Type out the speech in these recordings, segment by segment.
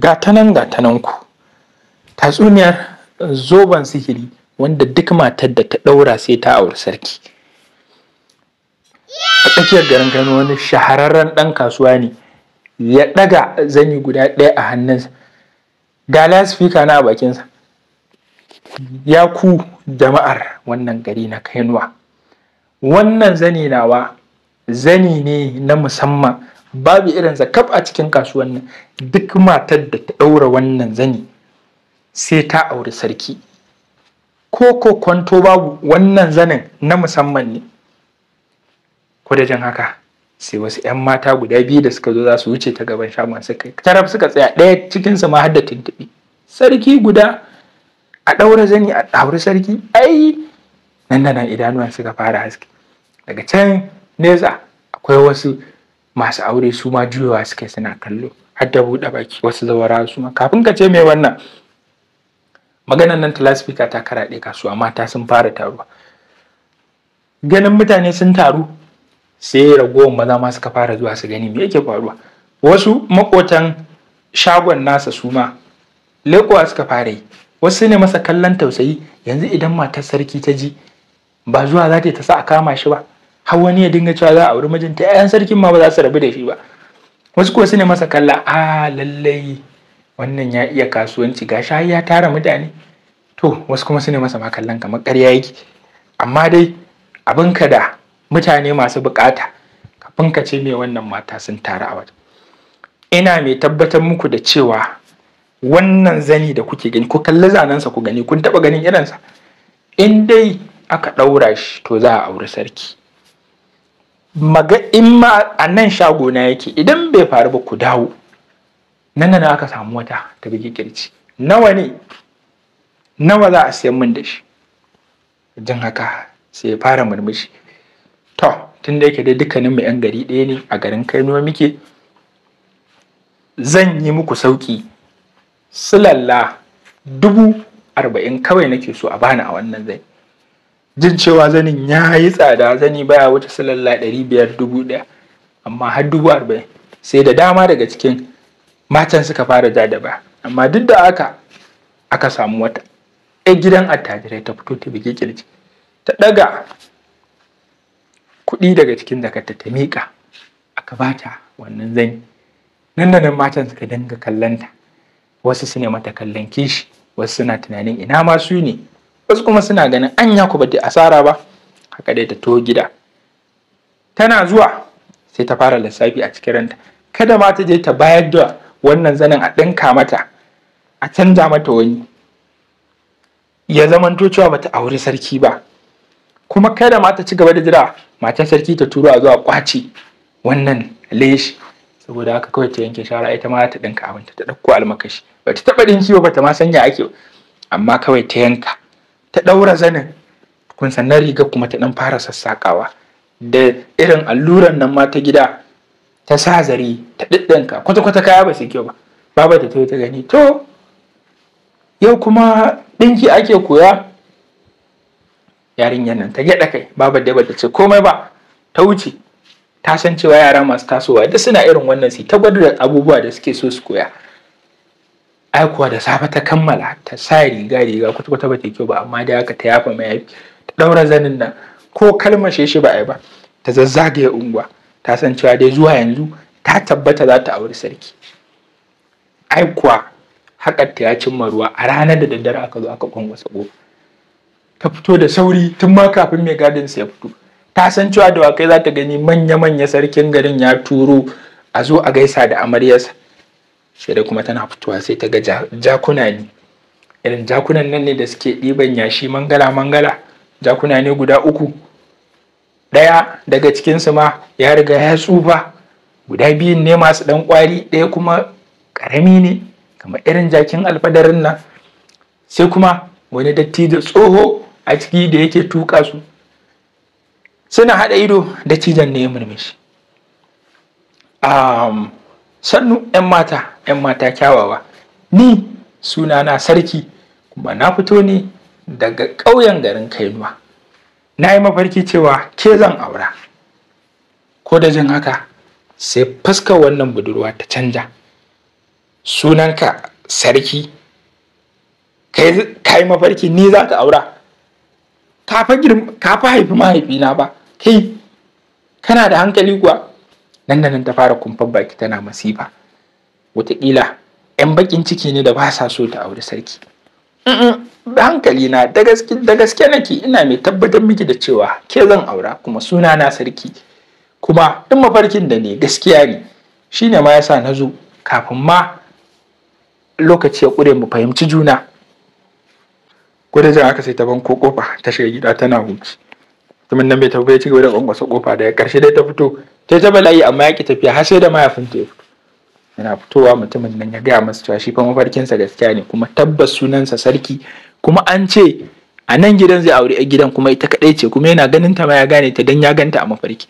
gatanan gatanan ku tatsuniyar eh, zoben sihiri wanda duk matar da ta ɗaura sai ta auri sarki a tsakiyar garin gano, wani shahararren ɗan kasuwa ne ya ɗaga zani guda ɗaya a hannunsa ga lasifika na a bakinsa ya ku jama'ar wannan gari na kainuwa wannan zani nawa zani ne na musamman babu irin zakaf a cikin kasuwan nan duk matar da ta ɗaura wannan zani sai ta auri sarki ko ko kwanto babu wannan zanin na musamman ne kudajen haka sai wasu 'yan mata guda biyu da suka zo za su wuce ta gaban shagon suka taraf suka tsaya ɗaya cikinsa ma har da sarki guda a ɗaura zani a ɗauri sarki ai nan da nan idanuwan suka fara haske daga can nesa akwai wasu masu aure su ma juyawa suke suna kallo har da buɗe baki wasu zawara su ma kafin ka ce mai wannan maganan nan talaspika ta karaɗe kasuwa mata sun fara taruwa ganin mutane sun taru sai ragowar maza ma suka fara zuwa su gani me yake faruwa wasu makotan shagon nasa su ma lekowa suka fara yi wasu ne masa kallon tausayi yanzu idan matar sarki ta ji ba zuwa za ta sa a kama shi ba har wani ya dinga cewa za a auri mijinta ƴaƴan sarkin ma ba za su rabu da shi ba wasu kuwa su ne masa kalla a lallai wannan ya iya kasuwanci ga shayi ya tara mutane to wasu kuma su ne masa ma kallon kamar ƙarya yake amma dai abin ka da mutane masu bukata kafin ka ce me wannan mata sun tara a waje ina mai tabbatar muku da cewa wannan zani da kuke gani ko kalli zanensa ku gani kun taɓa ganin irinsa in dai aka ɗaura shi to za a auri sarki maga in ma a nan shago shagona yake idan bai faru ba ku dawo nan nan aka samu wata ta bigi kirci nawa ne nawa za a sayan min da shi jin haka sai ya fara murmushi to tun da yake dai dukkanin mu yan gari ɗaya ne a garin kaino muke zan yi muku sauki silalla dubu arba'in kawai nake so a bani a wannan zai jin cewa zanin ya yi tsada zani baya wuce salalla ɗari biyar dubu ɗaya amma har dubu arba'in sai da dama daga cikin matan suka fara ja da ba amma duk da haka aka samu wata ɗan gidan attajirai ta fito ta bige kirji ta ɗaga kuɗi daga cikin zakarta ta miƙa aka bata wannan zani nan da nan matan suka dinga kallanta wasu su ne mata kallon kishi wasu suna tunanin ina ma su ne wasu kuma suna ganin anya ku bata asara ba haka dai ta to gida tana zuwa sai ta fara lissafi a cikin ranta kada ma ta je ta bayar da wannan zanin a ɗinka mata a canza mata wani ya zamanto cewa bata auri sarki ba kuma kada ma ta ci gaba da jira matar sarki ta turo a zuwa kwace wannan leshi saboda haka kawai ta yanke shara ita ma ta ɗinka abinta ta ɗauko almakashi bata taɓa ɗinki ba ta ma sanya ake amma kawai ta yanka ta ɗaura zanin kun sannan riga kuma ta ɗan fara sassaƙawa da irin alluran nan ma ta gida ta sa zari ta ɗiɗɗinka kwata-kwata kaya ba su kyau ba baba ta ta gani to yau kuma ɗinki ake koya yarinyar nan ta gyaɗa kai baba da bata ce komai ba ta wuce ta san cewa yara masu tasowa da suna irin wannan su ta da abubuwa da suke so su koya Aikuwa da safe ta kammala ta sa riga riga kwata kwata ba ta kyau ba amma da haka ta yafa aiki ta daura zanin nan ko kalmashe shi ba a yi ba ta ya unguwa ta san cewa dai zuwa yanzu ta tabbata za ta auri sarki Aikuwa haƙarta ta ya cimma ruwa a ranar da daddare aka zo aka kwanwa ƙofa ta fito da sauri tun ma kafin mai gadin ya fito ta san cewa da wakai za ta gani manya-manya sarkin garin ya turo a zo a gaisa da amaryarsa sai kuma tana fitowa sai ta ga jakuna ne irin jakunan nan ne da suke ɗiban yashi mangala mangala jakuna ne guda uku ɗaya daga cikinsu ma ya riga ya tsufa guda biyun ne masu ɗan ƙwari ɗaya kuma ƙarami ne kamar irin jakin alfadarin nan sai kuma wani datti da tsoho a ciki da yake tuƙa su suna haɗa ido dattijon ne ya murmushi sannu 'yan mata 'yan mata kyawawa ni sunana sarki kuma na fito ne daga ƙauyen garin kainuwa na yi mafarki cewa ke zan aura ko da jin haka sai fuskar wannan budurwa ta canja sunanka sarki ka yi mafarki ni za ka aura ka fa haifi mahaifina ba kai kana da hankali kuwa nan da nan ta fara kumfar baki tana masifa wataƙila 'yan baƙin ciki ne da ba sa so ta auri sarki da hankali na da gaske nake ina mai tabbatar miki da cewa ke zan aura kuma suna na sarki kuma duk mafarkin da ne gaskiya ne shine ma yasa na zo kafin ma lokaci ya ƙure mu fahimci juna gwada aka sai ta banko kofa ta shiga gida tana huci mutumin nan bai tafi ya ci gaba da kwankwasa kofa daga karshe dai ta fito ta ta bala'i amma ya tafiya har sai da mahaifinta ya fito yana fitowa mutumin nan ya gaya masa cewa shi fa mafarkinsa gaskiya ne kuma tabbas sunansa sarki kuma an ce a nan gidan zai aure gidan kuma ita kaɗai ce kuma yana ganin ta ma ya gane ta dan ya ganta a mafarki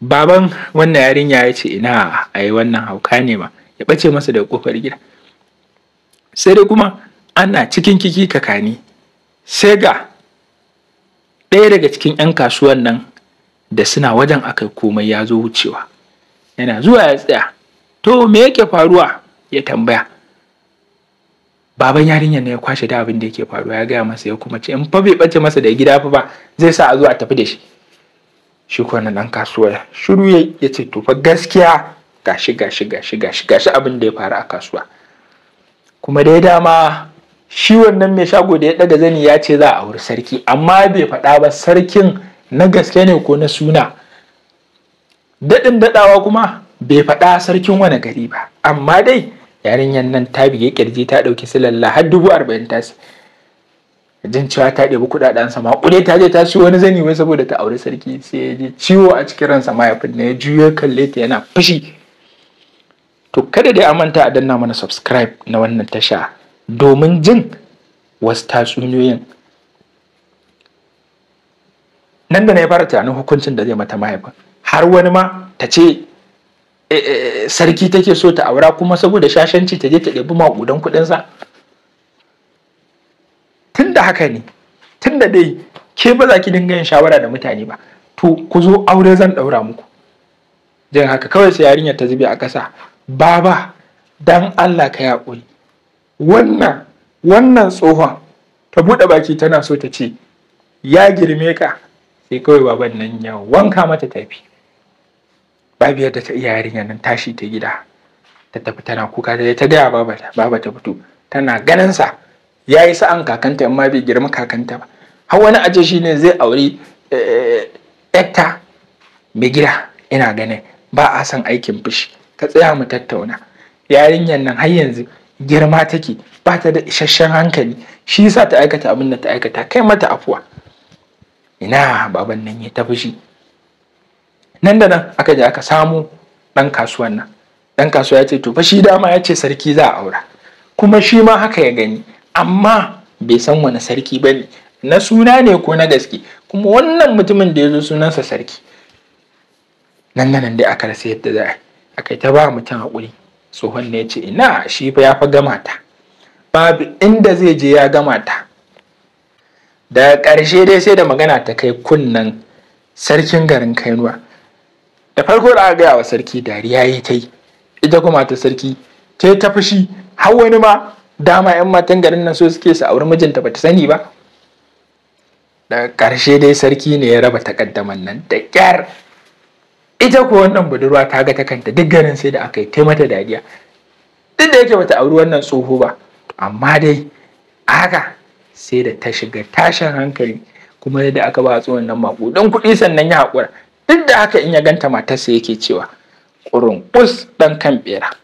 baban wannan yarinya ya ce ina a yi wannan hauka ne ma ya bace masa daga kofar gida sai dai kuma ana cikin kiki kakani sai ga ɗaya daga cikin 'yan kasuwan nan da suna wajen akai komai ya zo wucewa yana zuwa ya tsaya to me yake faruwa ya tambaya baban yarinyar ne ya kwashe da abin da yake faruwa ya gaya masa ya kuma ce in fa bai bace masa da gida fa ba zai sa a zo a tafi da shi shi ko na dan kasuwa shiru ya ce to fa gaskiya gashi gashi gashi gashi gashi abin da ya faru a kasuwa kuma dai dama shi wannan mai shago da ya daga zani ya ce za a auri sarki amma bai faɗa ba sarkin na gaske ne ko na suna daɗin daɗawa kuma bai faɗa sarkin wani gari ba amma dai yarinyar nan ta biye ƙirji ta ɗauki silalla har dubu arba'in tasi jin cewa ta ɗebi kuɗaɗen sama ƙure ta je ta siyo wani zani wai saboda ta auri sarki sai ya je ciwo a cikin ransa ya na ya juya kalle ta yana fushi to kada dai manta a danna mana subscribe na wannan tasha domin jin wasu tatsuniyoyin nan da na ya fara tunanin hukuncin da zai mata mahaifin har wani ma ta ce eh, eh, eh, sarki take so ta aura kuma saboda shashanci ta je ta ɗabi maƙudan kuɗinsa tun da haka ne tun da dai ke ba za ki dinga yin shawara da mutane ba to ku zo aure zan ɗaura muku jin haka kawai sai yarinyar ta zube a ƙasa baba dan Allah ka yaƙuri wannan wannan tsohon ta buɗe baki tana so ta ce ya girme ka sai kawai baban nan ya wanka mata tafi Babiyar da ta iya yarinya nan tashi ta gida ta tafi tana kuka ta ta gaya babata baba ta fito tana ganin sa ya yi sa'an kakanta amma bai girma kakanta ba har wani aje shi ne zai auri ɗakta eh, mai gida ina ganin ba a son aikin fushi ka tsaya mu tattauna yarinyar nan har yanzu girma take ba ta da isasshen hankali shi yasa ta aikata abin da ta aikata kai mata afuwa ina baban nan ya tafi shi nan da nan aka je aka samu ɗan kasuwan nan ɗan kasuwa ya ce to fa shi dama ya ce sarki za a aura kuma shi ma haka ya gani amma bai san wani sarki ba ne na suna ne ko na gaske kuma wannan mutumin da ya zo sunansa sarki nan da nan dai aka rasa yadda za a yi aka yi ta ba mutum haƙuri tsohon ne ya ce ina shi fa ya fa gama ta babu inda zai je ya gama ta da ƙarshe dai sai da magana ta kai kunnan sarkin garin kainuwa da farko da aka gaya wa sarki dariya ya ta yi ita kuma ta sarki ta ta fushi har wani ma dama 'yan matan garin nan so suke su auri mijinta bata sani ba daga ƙarshe dai sarki ne ya raba takaddaman nan da ƙyar ita kuwa wannan budurwa ta ga ta duk garin sai da aka yi mata dariya duk da yake bata auri wannan tsoho ba amma dai haka sai da ta shiga tashin hankali kuma yadda aka ba tsohon nan don kuɗi sannan ya haƙura duk da haka in ya ganta matarsa yake cewa ƙurunƙus ɗan kan ɓera